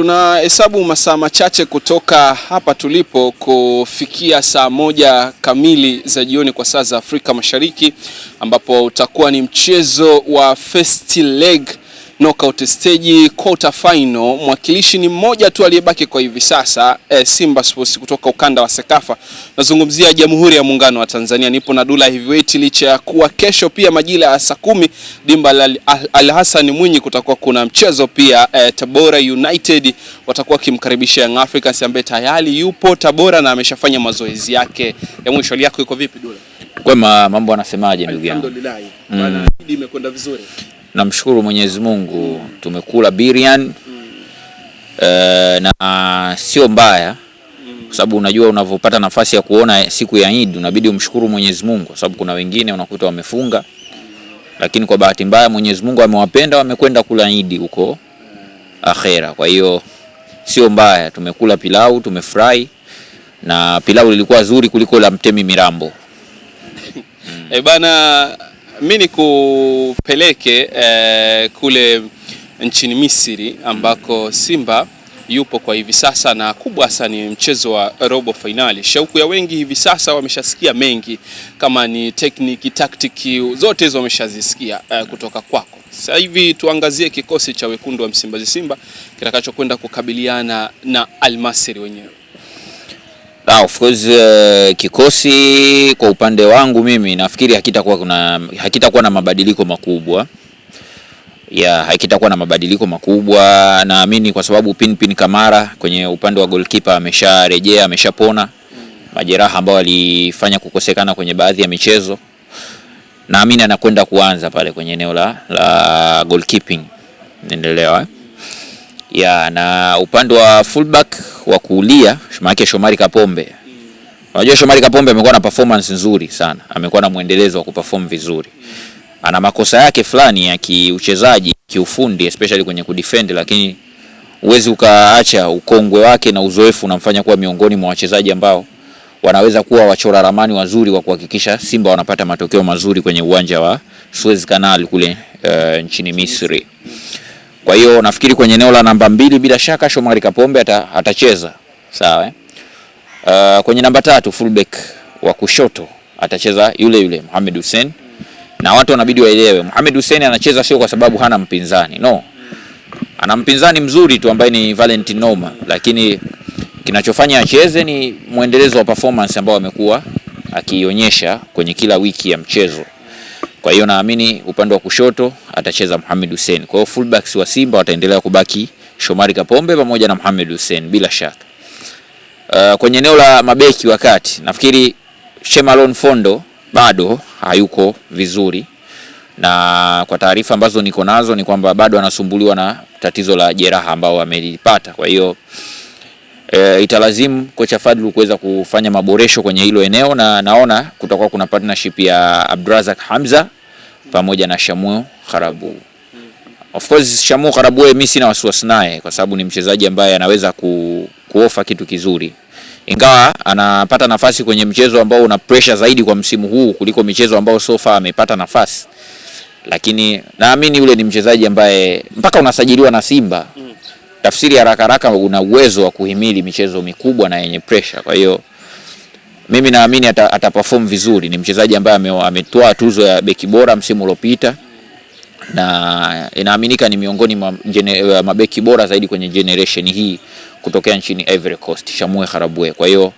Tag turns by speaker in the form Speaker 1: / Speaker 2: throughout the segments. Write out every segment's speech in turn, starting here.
Speaker 1: Tunahesabu masaa machache kutoka hapa tulipo kufikia saa moja kamili za jioni kwa saa za Afrika Mashariki, ambapo utakuwa ni mchezo wa first leg knockout stage quarter final. Mwakilishi ni mmoja tu aliyebaki kwa hivi sasa e, Simba Sports kutoka ukanda wa Sekafa. Nazungumzia Jamhuri ya Muungano wa Tanzania. Nipo na Dula Heavyweight, licha ya kuwa kesho pia majira ya saa kumi dimba la Al Hassan Mwinyi kutakuwa kuna mchezo pia e, Tabora United watakuwa wakimkaribisha Young Africans ambaye tayari yupo Tabora na ameshafanya mazoezi yake ya mwisho. Hali yako iko vipi Dula?
Speaker 2: Kwema, mambo anasemaje ndugu yangu?
Speaker 1: Alhamdulillah. Mm. Bana, imekwenda vizuri. Namshukuru Mwenyezi Mungu tumekula biriani e, na sio mbaya, kwa sababu unajua unavyopata nafasi ya kuona siku ya Eid
Speaker 2: unabidi umshukuru Mwenyezi Mungu, kwa sababu kuna wengine unakuta wamefunga, lakini kwa bahati mbaya Mwenyezi Mungu amewapenda wamekwenda kula Eid huko akhera. Kwa hiyo sio mbaya, tumekula pilau, tumefurahi na pilau lilikuwa zuri kuliko la mtemi Mirambo.
Speaker 1: E bana mi kupeleke eh, kule nchini Misri ambako Simba yupo kwa hivi sasa, na kubwa hasa ni mchezo wa robo fainali. Shauku ya wengi hivi sasa wameshasikia mengi, kama ni tekniki, taktiki, zote hizo wameshazisikia eh, kutoka kwako. Sasa hivi tuangazie kikosi cha wekundu wa Msimbazi Simba kitakachokwenda kukabiliana na Al wenyewe.
Speaker 2: Ah, of course uh, kikosi kwa upande wangu mimi nafikiri hakitakuwa kuna hakitakuwa na mabadiliko makubwa ya yeah, hakitakuwa na mabadiliko makubwa naamini, kwa sababu Pinpin Kamara kwenye upande wa goalkeeper amesharejea, ameshapona majeraha ambayo alifanya kukosekana kwenye baadhi ya michezo. Naamini anakwenda kuanza pale kwenye eneo la, la goalkeeping, naendelewa eh? ya na upande wa fullback wa kulia maanake Shomari Kapombe. Unajua Shomari Kapombe amekuwa na performance nzuri sana, amekuwa na mwendelezo wa kuperform vizuri. Ana makosa yake fulani ya kiuchezaji, kiufundi especially kwenye kudefend, lakini huwezi ukaacha ukongwe wake na uzoefu unamfanya kuwa miongoni mwa wachezaji ambao wanaweza kuwa wachora ramani wazuri wa kuhakikisha Simba wanapata matokeo mazuri kwenye uwanja wa Suez Canal kule uh, nchini Misri. Kwa hiyo nafikiri kwenye eneo la namba mbili bila shaka Shomari Kapombe ata, atacheza sawa eh? Uh, kwenye namba tatu fullback wa kushoto atacheza yule yule Mohamed Hussein, na watu wanabidi waelewe Mohamed Hussein anacheza sio kwa sababu hana mpinzani no, ana mpinzani mzuri tu ambaye ni Valentin Noma, lakini kinachofanya acheze ni mwendelezo wa performance ambao amekuwa akiionyesha kwenye kila wiki ya mchezo. Kwa hiyo naamini upande wa kushoto atacheza Mohamed Hussein. Kwa hiyo fullbacks wa Simba wataendelea kubaki Shomari Kapombe pamoja na Mohamed Hussein bila shaka. Uh, kwenye eneo la mabeki wakati nafikiri Shemalon Fondo bado hayuko vizuri, na kwa taarifa ambazo niko nazo ni kwamba bado anasumbuliwa na tatizo la jeraha ambao amelipata, kwa hiyo e, italazimu kocha Fadlu kuweza kufanya maboresho kwenye hilo eneo, na naona kutakuwa kuna partnership ya Abdurazak Hamza pamoja na Shamu Kharabu. Of course Shamu Kharabu mimi eh, sina wasiwasi naye kwa sababu ni mchezaji ambaye anaweza ku, kuofa kitu kizuri ingawa anapata nafasi kwenye mchezo ambao una pressure zaidi kwa msimu huu kuliko michezo ambao so far amepata nafasi, lakini naamini yule ni mchezaji ambaye mpaka unasajiliwa na Simba mm tafsiri haraka haraka una uwezo wa kuhimili michezo mikubwa na yenye pressure. Kwa hiyo mimi naamini ataperform ata vizuri. Ni mchezaji ambaye ametoa tuzo ya beki bora msimu uliopita na inaaminika ni miongoni mwa eh, mabeki bora zaidi kwenye generation hii kutokea nchini Ivory Coast, Shamwe Karabwe. Kwa hiyo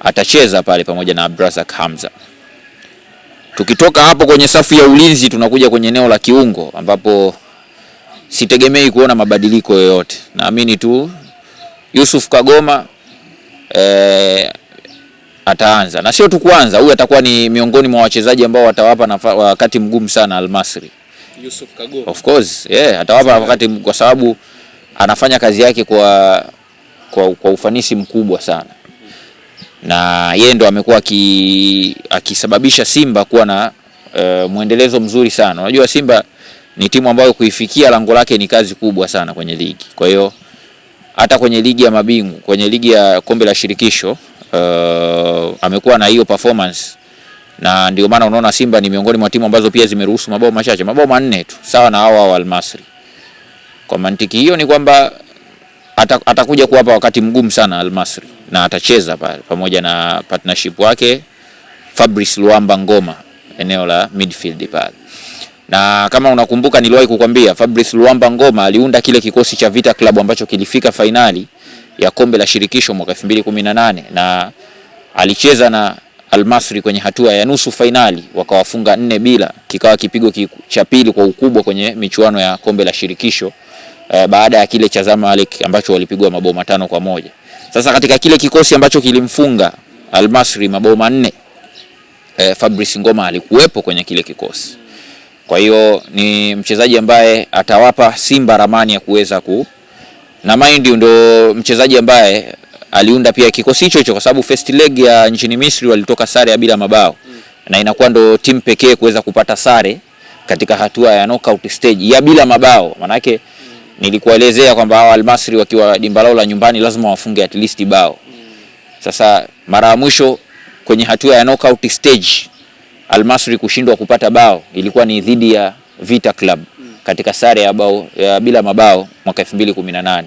Speaker 2: atacheza pale pamoja na Abdrazak Hamza. Tukitoka hapo kwenye safu ya ulinzi, tunakuja kwenye eneo la kiungo ambapo sitegemei kuona mabadiliko yoyote. Naamini tu Yusuf Kagoma e, ataanza na sio tu kuanza, huyu atakuwa ni miongoni mwa wachezaji ambao watawapa wakati mgumu sana Almasri. Yusuf Kagoma. Of course, yeah, atawapa wakati kwa sababu anafanya kazi yake kwa, kwa, kwa ufanisi mkubwa sana na yeye ndo amekuwa akisababisha Simba kuwa na e, mwendelezo mzuri sana. Unajua Simba ni timu ambayo kuifikia lango lake ni kazi kubwa sana kwenye ligi. Kwa hiyo hata kwenye ligi ya mabingu, kwenye ligi ya kombe la shirikisho uh, amekuwa na hiyo performance na ndio maana unaona Simba ni miongoni mwa timu ambazo pia zimeruhusu mabao machache, mabao manne tu, sawa na hao wa Almasri. Kwa mantiki hiyo ni kwamba atakuja kuwapa wakati mgumu sana Almasri na atacheza pale pamoja na partnership wake Fabrice Luamba Ngoma eneo la midfield pale na kama unakumbuka niliwahi kukwambia Fabrice Luamba Ngoma aliunda kile kikosi cha Vita Club ambacho kilifika fainali ya kombe la shirikisho mwaka 2018 na alicheza na Almasri kwenye hatua ya nusu fainali wakawafunga nne bila, kikawa kipigo cha pili kwa ukubwa kwenye michuano ya kombe la shirikisho eh, baada ya kile cha Zamalek ambacho walipigwa mabao matano kwa moja. Sasa katika kile kikosi ambacho kilimfunga Almasri mabao manne eh, Fabrice Ngoma alikuwepo kwenye kile kikosi kwa hiyo ni mchezaji ambaye atawapa Simba ramani ya kuweza ku na mind, ndo mchezaji ambaye aliunda pia kikosi hicho hicho, kwa sababu first leg ya nchini Misri walitoka sare ya bila mabao mm, na inakuwa ndo timu pekee kuweza kupata sare katika hatua ya knockout stage ya bila mabao manake mm, nilikuelezea kwamba hao Almasri wakiwa dimba lao la nyumbani lazima wafunge at least bao mm. Sasa mara ya mwisho kwenye hatua ya knockout stage Almasri kushindwa kupata bao ilikuwa ni dhidi ya Vita Club katika sare ya bao ya bila mabao mwaka 2018.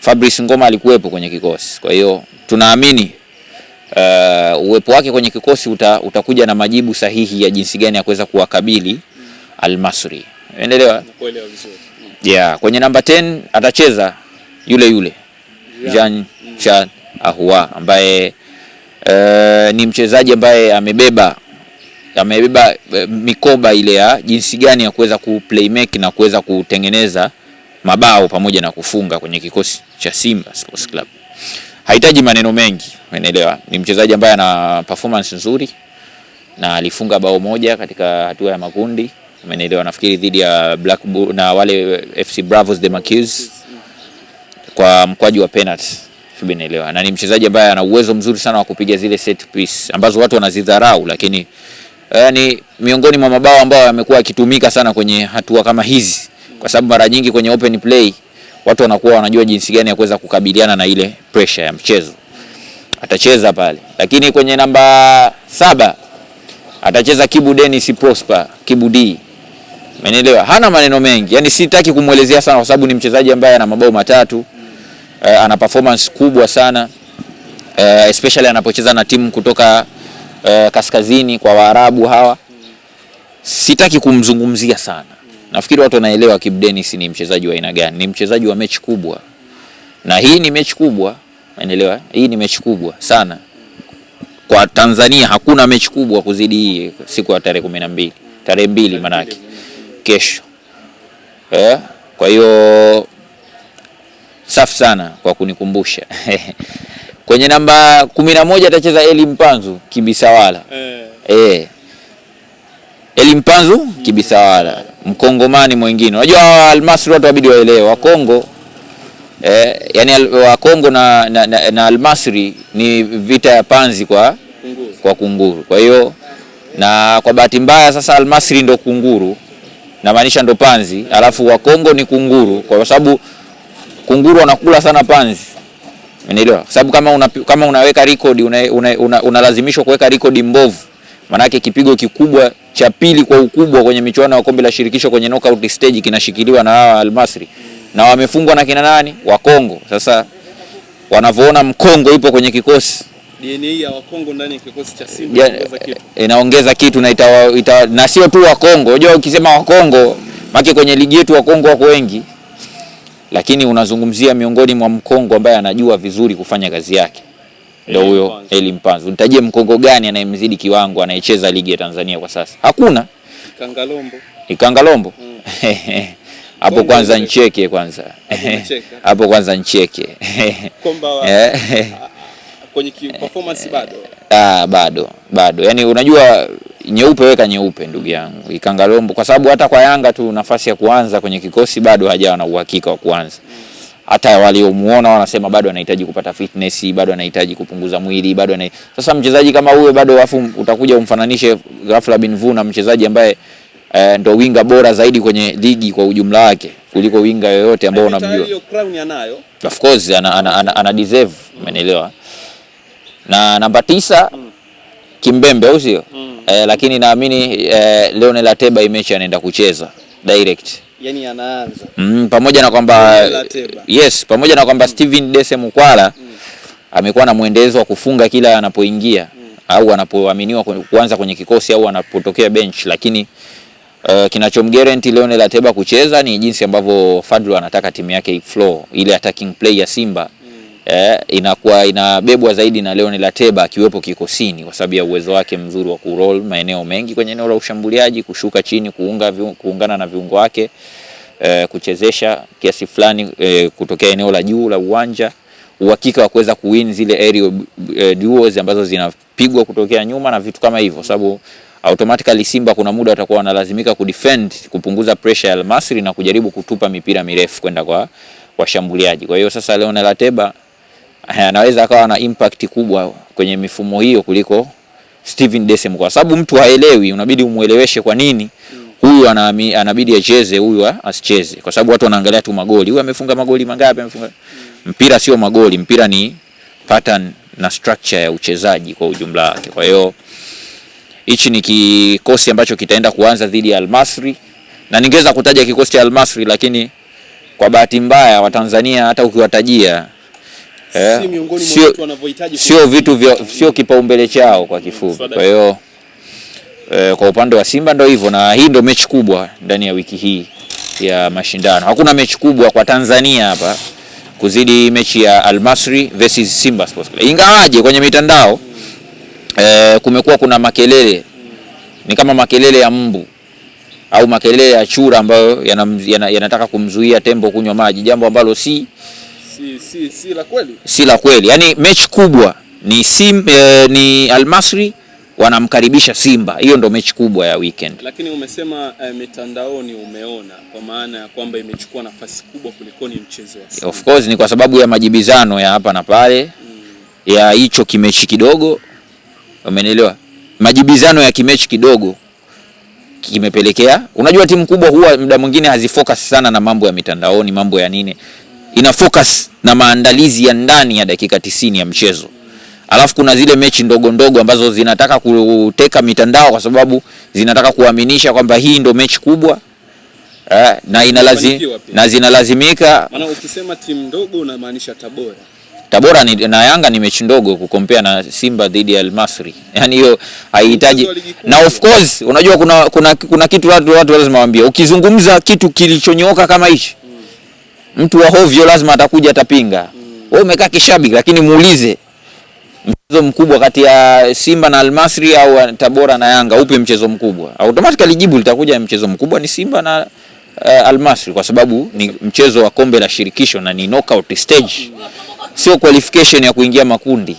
Speaker 2: Fabrice Ngoma alikuwepo kwenye kikosi, kwa hiyo tunaamini uh, uwepo wake kwenye kikosi uta, utakuja na majibu sahihi ya jinsi gani ya kuweza kuwakabili Almasri. Umeelewa? Yeah, kwenye namba 10 atacheza yule yule Jean Charles Ahua ambaye uh, ni mchezaji ambaye amebeba amebeba eh, mikoba ile ya jinsi gani ya kuweza ku kuplaymake na kuweza kutengeneza mabao pamoja na kufunga kwenye kikosi cha Simba Sports Club. Hahitaji maneno mengi, umeelewa? Ni mchezaji ambaye ana performance nzuri na alifunga bao moja katika hatua ya makundi, umeelewa, nafikiri dhidi ya Black Bull na wale eh, FC Bravos de Maquis kwa mkwaju wa penalty, umeelewa. Na ni mchezaji ambaye ana uwezo mzuri sana wa kupiga zile set piece ambazo watu wanazidharau lakini ni yaani, miongoni mwa mabao ambayo yamekuwa yakitumika sana kwenye hatua kama hizi, kwa sababu mara nyingi kwenye open play watu wanakuwa wanajua jinsi gani ya kuweza kukabiliana na ile pressure ya mchezo, atacheza pale. Lakini kwenye namba saba atacheza Kibu Dennis Prosper, Kibu D. Umeelewa? Hana maneno mengi. Yaani sitaki kumuelezea sana kwa sababu ni mchezaji ambaye ana mabao matatu. Eh, ana performance kubwa sana. Eh, especially anapocheza na timu kutoka Eh, kaskazini kwa Waarabu hawa. Sitaki kumzungumzia sana, nafikiri watu wanaelewa Kibu Denis ni mchezaji wa aina gani. Ni mchezaji wa mechi kubwa, na hii ni mechi kubwa, unaelewa, hii ni mechi kubwa sana kwa Tanzania. Hakuna mechi kubwa kuzidi hii siku ya tarehe kumi na mbili tarehe mbili manake kesho eh? Kwa hiyo safi sana kwa kunikumbusha Kwenye namba kumi na moja atacheza Eli Mpanzu Kibisawala eh. Eh. Eli Mpanzu Kibisawala, mkongomani mwingine. Unajua Almasri watu wabidi waelewe Wakongo eh, yani Wakongo na, na, na, na Almasri ni vita ya panzi kwa kunguru. Kwa kunguru kwa hiyo na kwa bahati mbaya sasa Almasri ndo kunguru na maanisha ndo panzi, alafu Wakongo ni kunguru kwa sababu kunguru wanakula sana panzi Unaelewa? Kwa sababu kama una, kama unaweka record unalazimishwa una, una, una kuweka record mbovu. Manake kipigo kikubwa cha pili kwa ukubwa kwenye michuano ya kombe la shirikisho kwenye knockout stage kinashikiliwa na hawa Almasri. Na wamefungwa na kina nani? Wa Kongo. Sasa wanavyoona Mkongo ipo kwenye kikosi
Speaker 1: DNA ya Wakongo ndani ya kikosi cha Simba
Speaker 2: inaongeza kitu. Eh, inaongeza kitu na itawa, ita, na sio tu Wakongo. Unajua ukisema Wakongo, maki kwenye ligi yetu Wakongo wako wengi lakini unazungumzia miongoni mwa mkongo ambaye anajua vizuri kufanya kazi yake ndio huyo Eli Mpanzu. Nitajie mkongo gani anayemzidi kiwango anayecheza ligi ya Tanzania kwa sasa? Hakuna. Kangalombo. Ni Kangalombo. Mm. Hapo mm. Kwanza ncheke kwanza. Hapo kwanza ncheke.
Speaker 1: Komba eh. kwenye performance bado.
Speaker 2: Ah, bado, bado. Yaani unajua nyeupe weka nyeupe, ndugu yangu Ikangalombo, kwa sababu hata kwa Yanga tu nafasi ya kuanza kwenye kikosi bado hajawa na uhakika wa kuanza. Hata waliomuona wanasema bado anahitaji kupata fitness, bado anahitaji kupunguza mwili, bado ana... Sasa mchezaji kama huyo bado, afu utakuja umfananishe ghafla vu na mchezaji ambaye Uh, ndo winga bora zaidi kwenye ligi kwa ujumla wake kuliko winga yoyote ambao unamjua. Of course ana, ana, ana, ana deserve, umeelewa? Na namba tisa mm kimbembe au sio? mm. Eh, lakini naamini e, eh, Leonel Ateba imechi anaenda kucheza direct.
Speaker 1: Yani anaanza.
Speaker 2: Mm, pamoja na kwamba yes, pamoja na kwamba mm. Steven Dese Mukwala mm. amekuwa na mwendelezo wa kufunga kila anapoingia mm. au anapoaminiwa kuanza kwenye kikosi au anapotokea bench, lakini uh, kinachomguarantee Lionel Ateba kucheza ni jinsi ambavyo Fadlu anataka timu yake iflow ile attacking play ya Simba eh, inakuwa inabebwa zaidi na Leon Lateba akiwepo kikosini kwa sababu ya uwezo wake mzuri wa kuroll maeneo mengi kwenye eneo la ushambuliaji, kushuka chini, kuunga, kuungana na viungo wake eh, kuchezesha kiasi fulani eh, kutokea eneo la juu la uwanja, uhakika wa kuweza kuwin zile aerial eh, duels ambazo zinapigwa kutokea nyuma na vitu kama hivyo, sababu automatically Simba kuna muda watakuwa wanalazimika kudefend kupunguza pressure ya Al Masry na kujaribu kutupa mipira mirefu kwenda kwa washambuliaji. Kwa hiyo sasa Leonel Ateba anaweza akawa na impact kubwa kwenye mifumo hiyo kuliko Steven Desem, kwa sababu mtu haelewi, unabidi umueleweshe kwa nini huyu anabidi acheze, huyu asicheze, kwa sababu watu wanaangalia tu magoli, huyu amefunga magoli mangapi, amefunga. Mpira sio magoli, mpira ni pattern na structure ya uchezaji kwa ujumla wake. Kwa hiyo hichi ni kikosi ambacho kitaenda kuanza dhidi ya Almasri na ningeweza kutaja kikosi cha Almasri, lakini kwa bahati mbaya Watanzania hata ukiwatajia yeah. si miongoni mwa watu wanavyohitaji, sio vitu vya sio kipaumbele chao kwa kifupi. Kwa hiyo eh, kwa upande wa Simba ndio hivyo, na hii ndio mechi kubwa ndani ya wiki hii ya mashindano. Hakuna mechi kubwa kwa Tanzania hapa kuzidi mechi ya Almasri versus Simba Sports Club, ingawaje kwenye mitandao eh, kumekuwa kuna makelele, ni kama makelele ya mbu au makelele ya chura ambayo yanataka yana, yana kumzuia tembo kunywa maji, jambo ambalo si
Speaker 1: si, si, si la kweli,
Speaker 2: si la kweli. Yani mechi kubwa ni, Sim, eh, ni Almasri wanamkaribisha Simba, hiyo ndo mechi kubwa ya weekend.
Speaker 1: Lakini umesema eh, mitandaoni umeona kwa maana ya kwamba imechukua nafasi kubwa kuliko ni mchezo wa
Speaker 2: Simba. Of course ni kwa sababu ya majibizano ya hapa na pale mm. ya hicho kimechi kidogo, umenielewa, majibizano ya kimechi kidogo kimepelekea, unajua timu kubwa huwa muda mwingine hazifocus sana na mambo ya mitandaoni, mambo ya nini, ina focus na maandalizi ya ndani ya dakika tisini ya mchezo. Alafu kuna zile mechi ndogo ndogo ambazo zinataka kuteka mitandao kwa sababu zinataka kuaminisha kwamba hii ndo mechi kubwa eh, na inalazi, na zinalazimika.
Speaker 1: Maana ukisema timu ndogo unamaanisha Tabora.
Speaker 2: Tabora ni, na Yanga ni mechi ndogo kukompea na Simba dhidi ya Almasri. Yaani hiyo haihitaji. Na of course unajua kuna, kuna, kuna kitu watu watu lazima waambie. Ukizungumza kitu kilichonyooka kama hichi Mtu wa hovyo lazima atakuja atapinga. Hmm. Wewe umekaa kishabiki, lakini muulize mchezo mkubwa kati ya Simba na Almasri au Tabora na Yanga, upi mchezo mkubwa? Automatically jibu litakuja, mchezo mkubwa ni Simba na uh, eh, Almasri kwa sababu ni mchezo wa kombe la shirikisho na ni knockout stage, sio qualification ya kuingia makundi.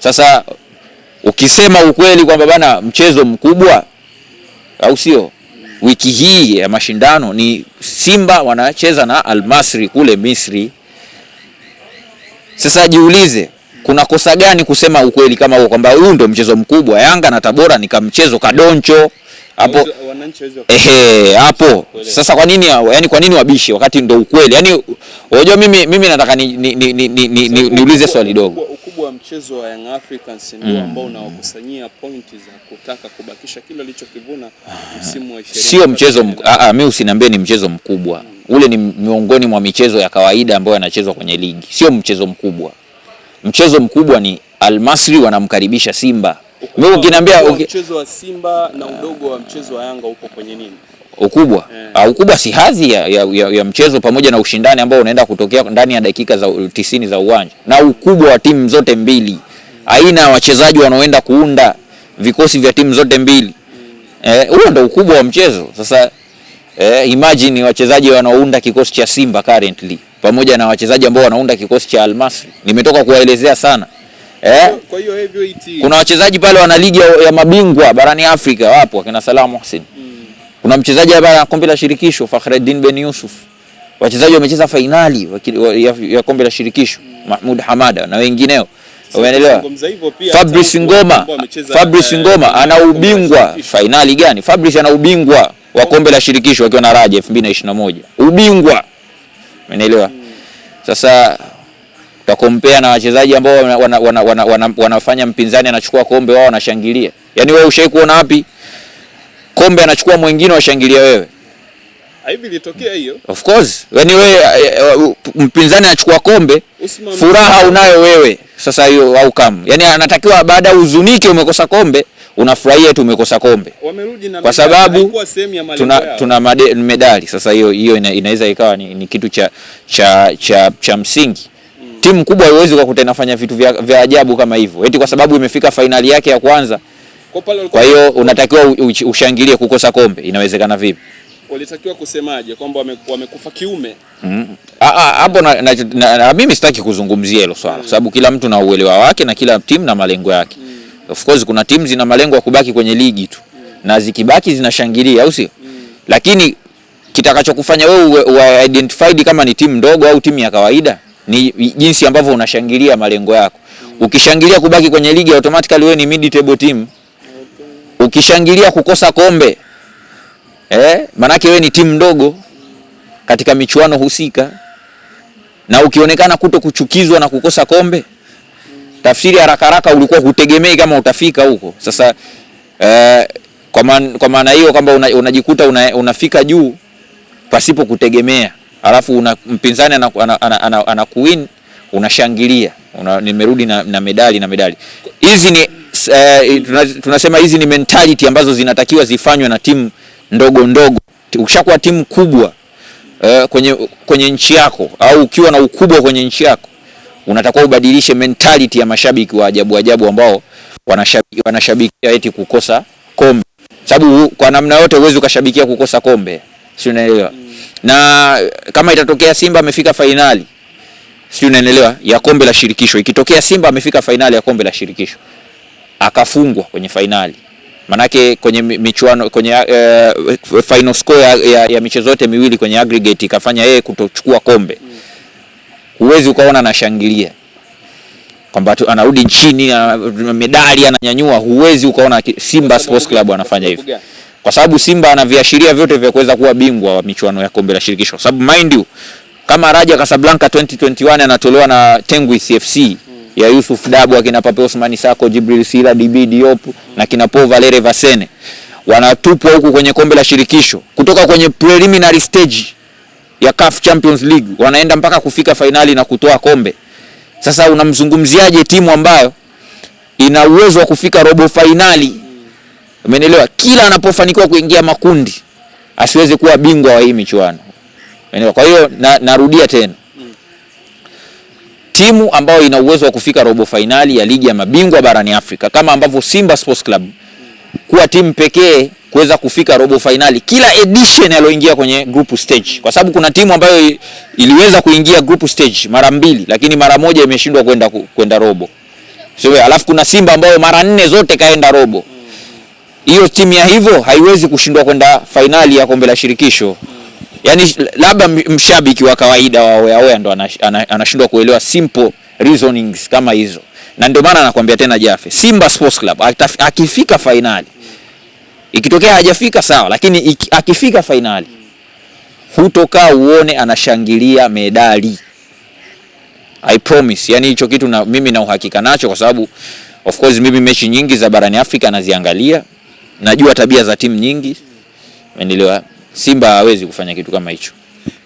Speaker 2: Sasa ukisema ukweli kwamba bana mchezo mkubwa, au sio? wiki hii ya mashindano ni Simba wanacheza na Almasri kule Misri. Sasa jiulize, kuna kosa gani kusema ukweli kama huo kwamba huu ndio mchezo mkubwa? Yanga na Tabora ni kamchezo kadoncho hapo ehe, hapo sasa. Kwa nini yani, kwa nini wabishe wakati ndo ukweli? Yani unajua, mimi mimi nataka niulize ni, ni, ni, ni, ni, ni swali dogo
Speaker 1: mchezo wa Young Africans ndio mm. ambao unawakusanyia pointi za kutaka kubakisha kile alichokivuna
Speaker 2: ah. msimu wa 20. Sio mchezo mimi, ah, ah, usiniambie ni mchezo mkubwa mm. ule ni miongoni mwa michezo ya kawaida ambayo yanachezwa kwenye ligi, sio mchezo mkubwa. Mchezo mkubwa ni Almasri wanamkaribisha Simba.
Speaker 1: Mimi ukiniambia mchezo wa Simba na udogo wa mchezo wa Yanga upo kwenye nini?
Speaker 2: ukubwa yeah. Eh. Uh, ukubwa si hadhi ya, ya, ya, ya mchezo pamoja na ushindani ambao unaenda kutokea ndani ya dakika za tisini za uwanja na ukubwa wa timu zote mbili mm. aina ya wachezaji wanaoenda kuunda vikosi vya timu zote mbili hmm. eh, huo mm. eh, ndio ukubwa wa mchezo sasa. Eh, imagine wachezaji wanaounda kikosi cha Simba currently pamoja na wachezaji ambao wanaunda kikosi cha Almasi, Nimetoka kuwaelezea sana eh?
Speaker 1: Kwa hiyo Heavyweight
Speaker 2: kuna wachezaji pale wana ligi ya, ya mabingwa barani Afrika wapo akina Salamu Hussein mm. Kuna mchezaji hapa ya kombe la shirikisho Fakhreddin Ben Yusuf, wachezaji wamecheza fainali ya kombe la shirikisho Mahmud Hamada na wengineo, umeelewa? Fabrice Ngoma, Fabrice eh, Ngoma ana ubingwa fainali gani? Fabrice ana ubingwa wa kombe la shirikisho akiwa na Raja 2021 ubingwa, umeelewa? Sasa utakompea na wachezaji ambao wanafanya wana, wana, wana, wana, wana mpinzani anachukua kombe, wao wanashangilia. Yani wewe ushai kuona wapi kombe anachukua mwingine, washangilia wewe.
Speaker 1: Aibu ilitokea hiyo.
Speaker 2: Of course. Yaani wewe eh, eh, mpinzani anachukua kombe, Usman furaha unayo wewe. Sasa hiyo au kama. Yaani anatakiwa baada ya uzunike umekosa kombe, unafurahia tu umekosa kombe. Wamerudi na kwa sababu tuna, tuna made, medali. Sasa hiyo hiyo ina, inaweza ikawa ni, ni kitu cha cha cha, cha msingi. Mm. Timu kubwa haiwezi kwa inafanya vitu vya, vya ajabu kama hivyo. Eti kwa sababu imefika fainali yake ya kwanza kwa hiyo unatakiwa ushangilie kukosa kombe, inawezekana vipi?
Speaker 1: Walitakiwa kusemaje kwamba wamekufa wame kiume?
Speaker 2: Mm. Hapo na, na, na, na, mimi sitaki kuzungumzia hilo swala, kwa sababu kila mtu na uelewa wake na kila timu na malengo yake. mm. Of course kuna timu zina malengo ya kubaki kwenye ligi tu mm. na zikibaki zinashangilia, au sio? Mm. Lakini kitakachokufanya wewe uwe identified kama ni timu ndogo au timu ya kawaida ni jinsi ambavyo unashangilia malengo yako. mm. Ukishangilia kubaki kwenye ligi automatically wewe ni mid table team. Ukishangilia kukosa kombe eh, manake wewe ni timu ndogo katika michuano husika, na ukionekana kuto kuchukizwa na kukosa kombe, tafsiri haraka haraka ulikuwa hutegemei kama utafika huko. Sasa eh, kwa maana kwa maana hiyo kwamba unajikuta una una, unafika juu pasipo kutegemea, alafu una, mpinzani anakuwin ana, unashangilia una, nimerudi na, na medali na medali hizi ni Eh, tunasema hizi ni mentality ambazo zinatakiwa zifanywe na timu ndogo ndogo. Ukishakuwa timu kubwa eh, kwenye, kwenye nchi yako au ukiwa na ukubwa kwenye nchi yako unatakiwa ubadilishe mentality ya mashabiki wa ajabu ajabu ambao wanashabikia wanashabiki eti kukosa kombe, sababu kwa namna yote huwezi ukashabikia kukosa kombe, si unaelewa? Na kama itatokea Simba amefika fainali, si unaelewa, ya kombe la shirikisho, ikitokea Simba amefika fainali ya kombe la shirikisho akafungwa kwenye fainali manake kwenye michuano kwenye uh, final score ya, ya, ya michezo yote miwili kwenye aggregate ikafanya yeye kutochukua kombe. Huwezi ukaona anashangilia kwamba anarudi nchini na medali ananyanyua, huwezi ukaona Simba Sports Club anafanya hivyo, kwa sababu Simba ana viashiria vyote vya kuweza kuwa bingwa wa michuano ya kombe la shirikisho, sababu mind you, kama Raja Casablanca 2021 anatolewa na Tengwi CFC mm ya Yusuf Dabu, akina Pape Osmani Sako, Jibril Sila, DB Diop na kina Paul Valere Vasene wanatupwa huku kwenye kombe la shirikisho kutoka kwenye preliminary stage ya CAF Champions League wanaenda mpaka kufika fainali na kutoa kombe. Sasa unamzungumziaje timu ambayo ina uwezo wa kufika robo fainali? Umeelewa? Kila anapofanikiwa kuingia makundi asiweze kuwa bingwa wa hii michuano. Umeelewa? Kwa hiyo na, narudia tena timu ambayo ina uwezo wa kufika robo fainali ya ligi ya mabingwa barani Afrika kama ambavyo Simba Sports Club kuwa timu pekee kuweza kufika robo fainali kila edition aliyoingia kwenye group stage, kwa sababu kuna timu ambayo iliweza kuingia group stage mara mbili, lakini mara moja imeshindwa kwenda kwenda robo. Sio, alafu kuna Simba ambayo mara nne zote kaenda robo. Hiyo timu ya hivyo haiwezi kushindwa kwenda fainali ya kombe la shirikisho yani labda mshabiki wa kawaida wa oya oya ndo anashindwa kuelewa simple reasonings kama hizo, na ndio maana anakuambia tena Jafe, Simba Sports Club akifika fainali, ikitokea hajafika sawa, lakini akifika fainali hutokaa uone anashangilia medali. I promise, yani hicho kitu na, mimi na uhakika nacho kwa sababu of course mimi mechi nyingi za barani Afrika naziangalia, najua tabia za timu nyingi, umeelewa. Simba hawezi kufanya kitu kama hicho.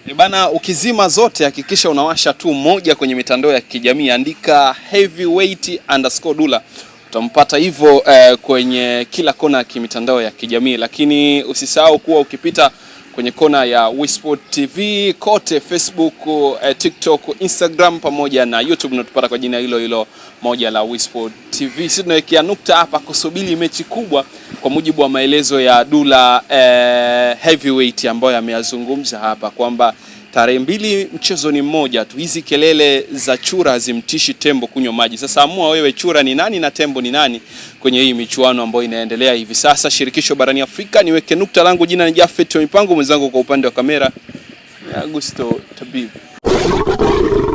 Speaker 1: Eh, bana, ukizima zote hakikisha unawasha tu moja kwenye mitandao ya kijamii, andika Heavyweight underscore dula utampata hivyo eh, kwenye kila kona ya kimitandao ya kijamii, lakini usisahau kuwa ukipita kwenye kona ya WeSport TV kote, Facebook, eh, TikTok, Instagram pamoja na YouTube natupata kwa jina hilo hilo moja la WeSport TV. Sisi tunawekea nukta hapa kusubiri mechi kubwa kwa mujibu wa maelezo ya Dula eh, Heavyweight ambayo ameyazungumza hapa kwamba Tarehe mbili mchezo ni mmoja tu. Hizi kelele za chura hazimtishi tembo kunywa maji. Sasa amua wewe, chura ni nani na tembo ni nani kwenye hii michuano ambayo inaendelea hivi sasa shirikisho barani Afrika. Niweke nukta langu, jina ni Jafet Mipango, mwenzangu kwa upande wa kamera Augusto Tabibu.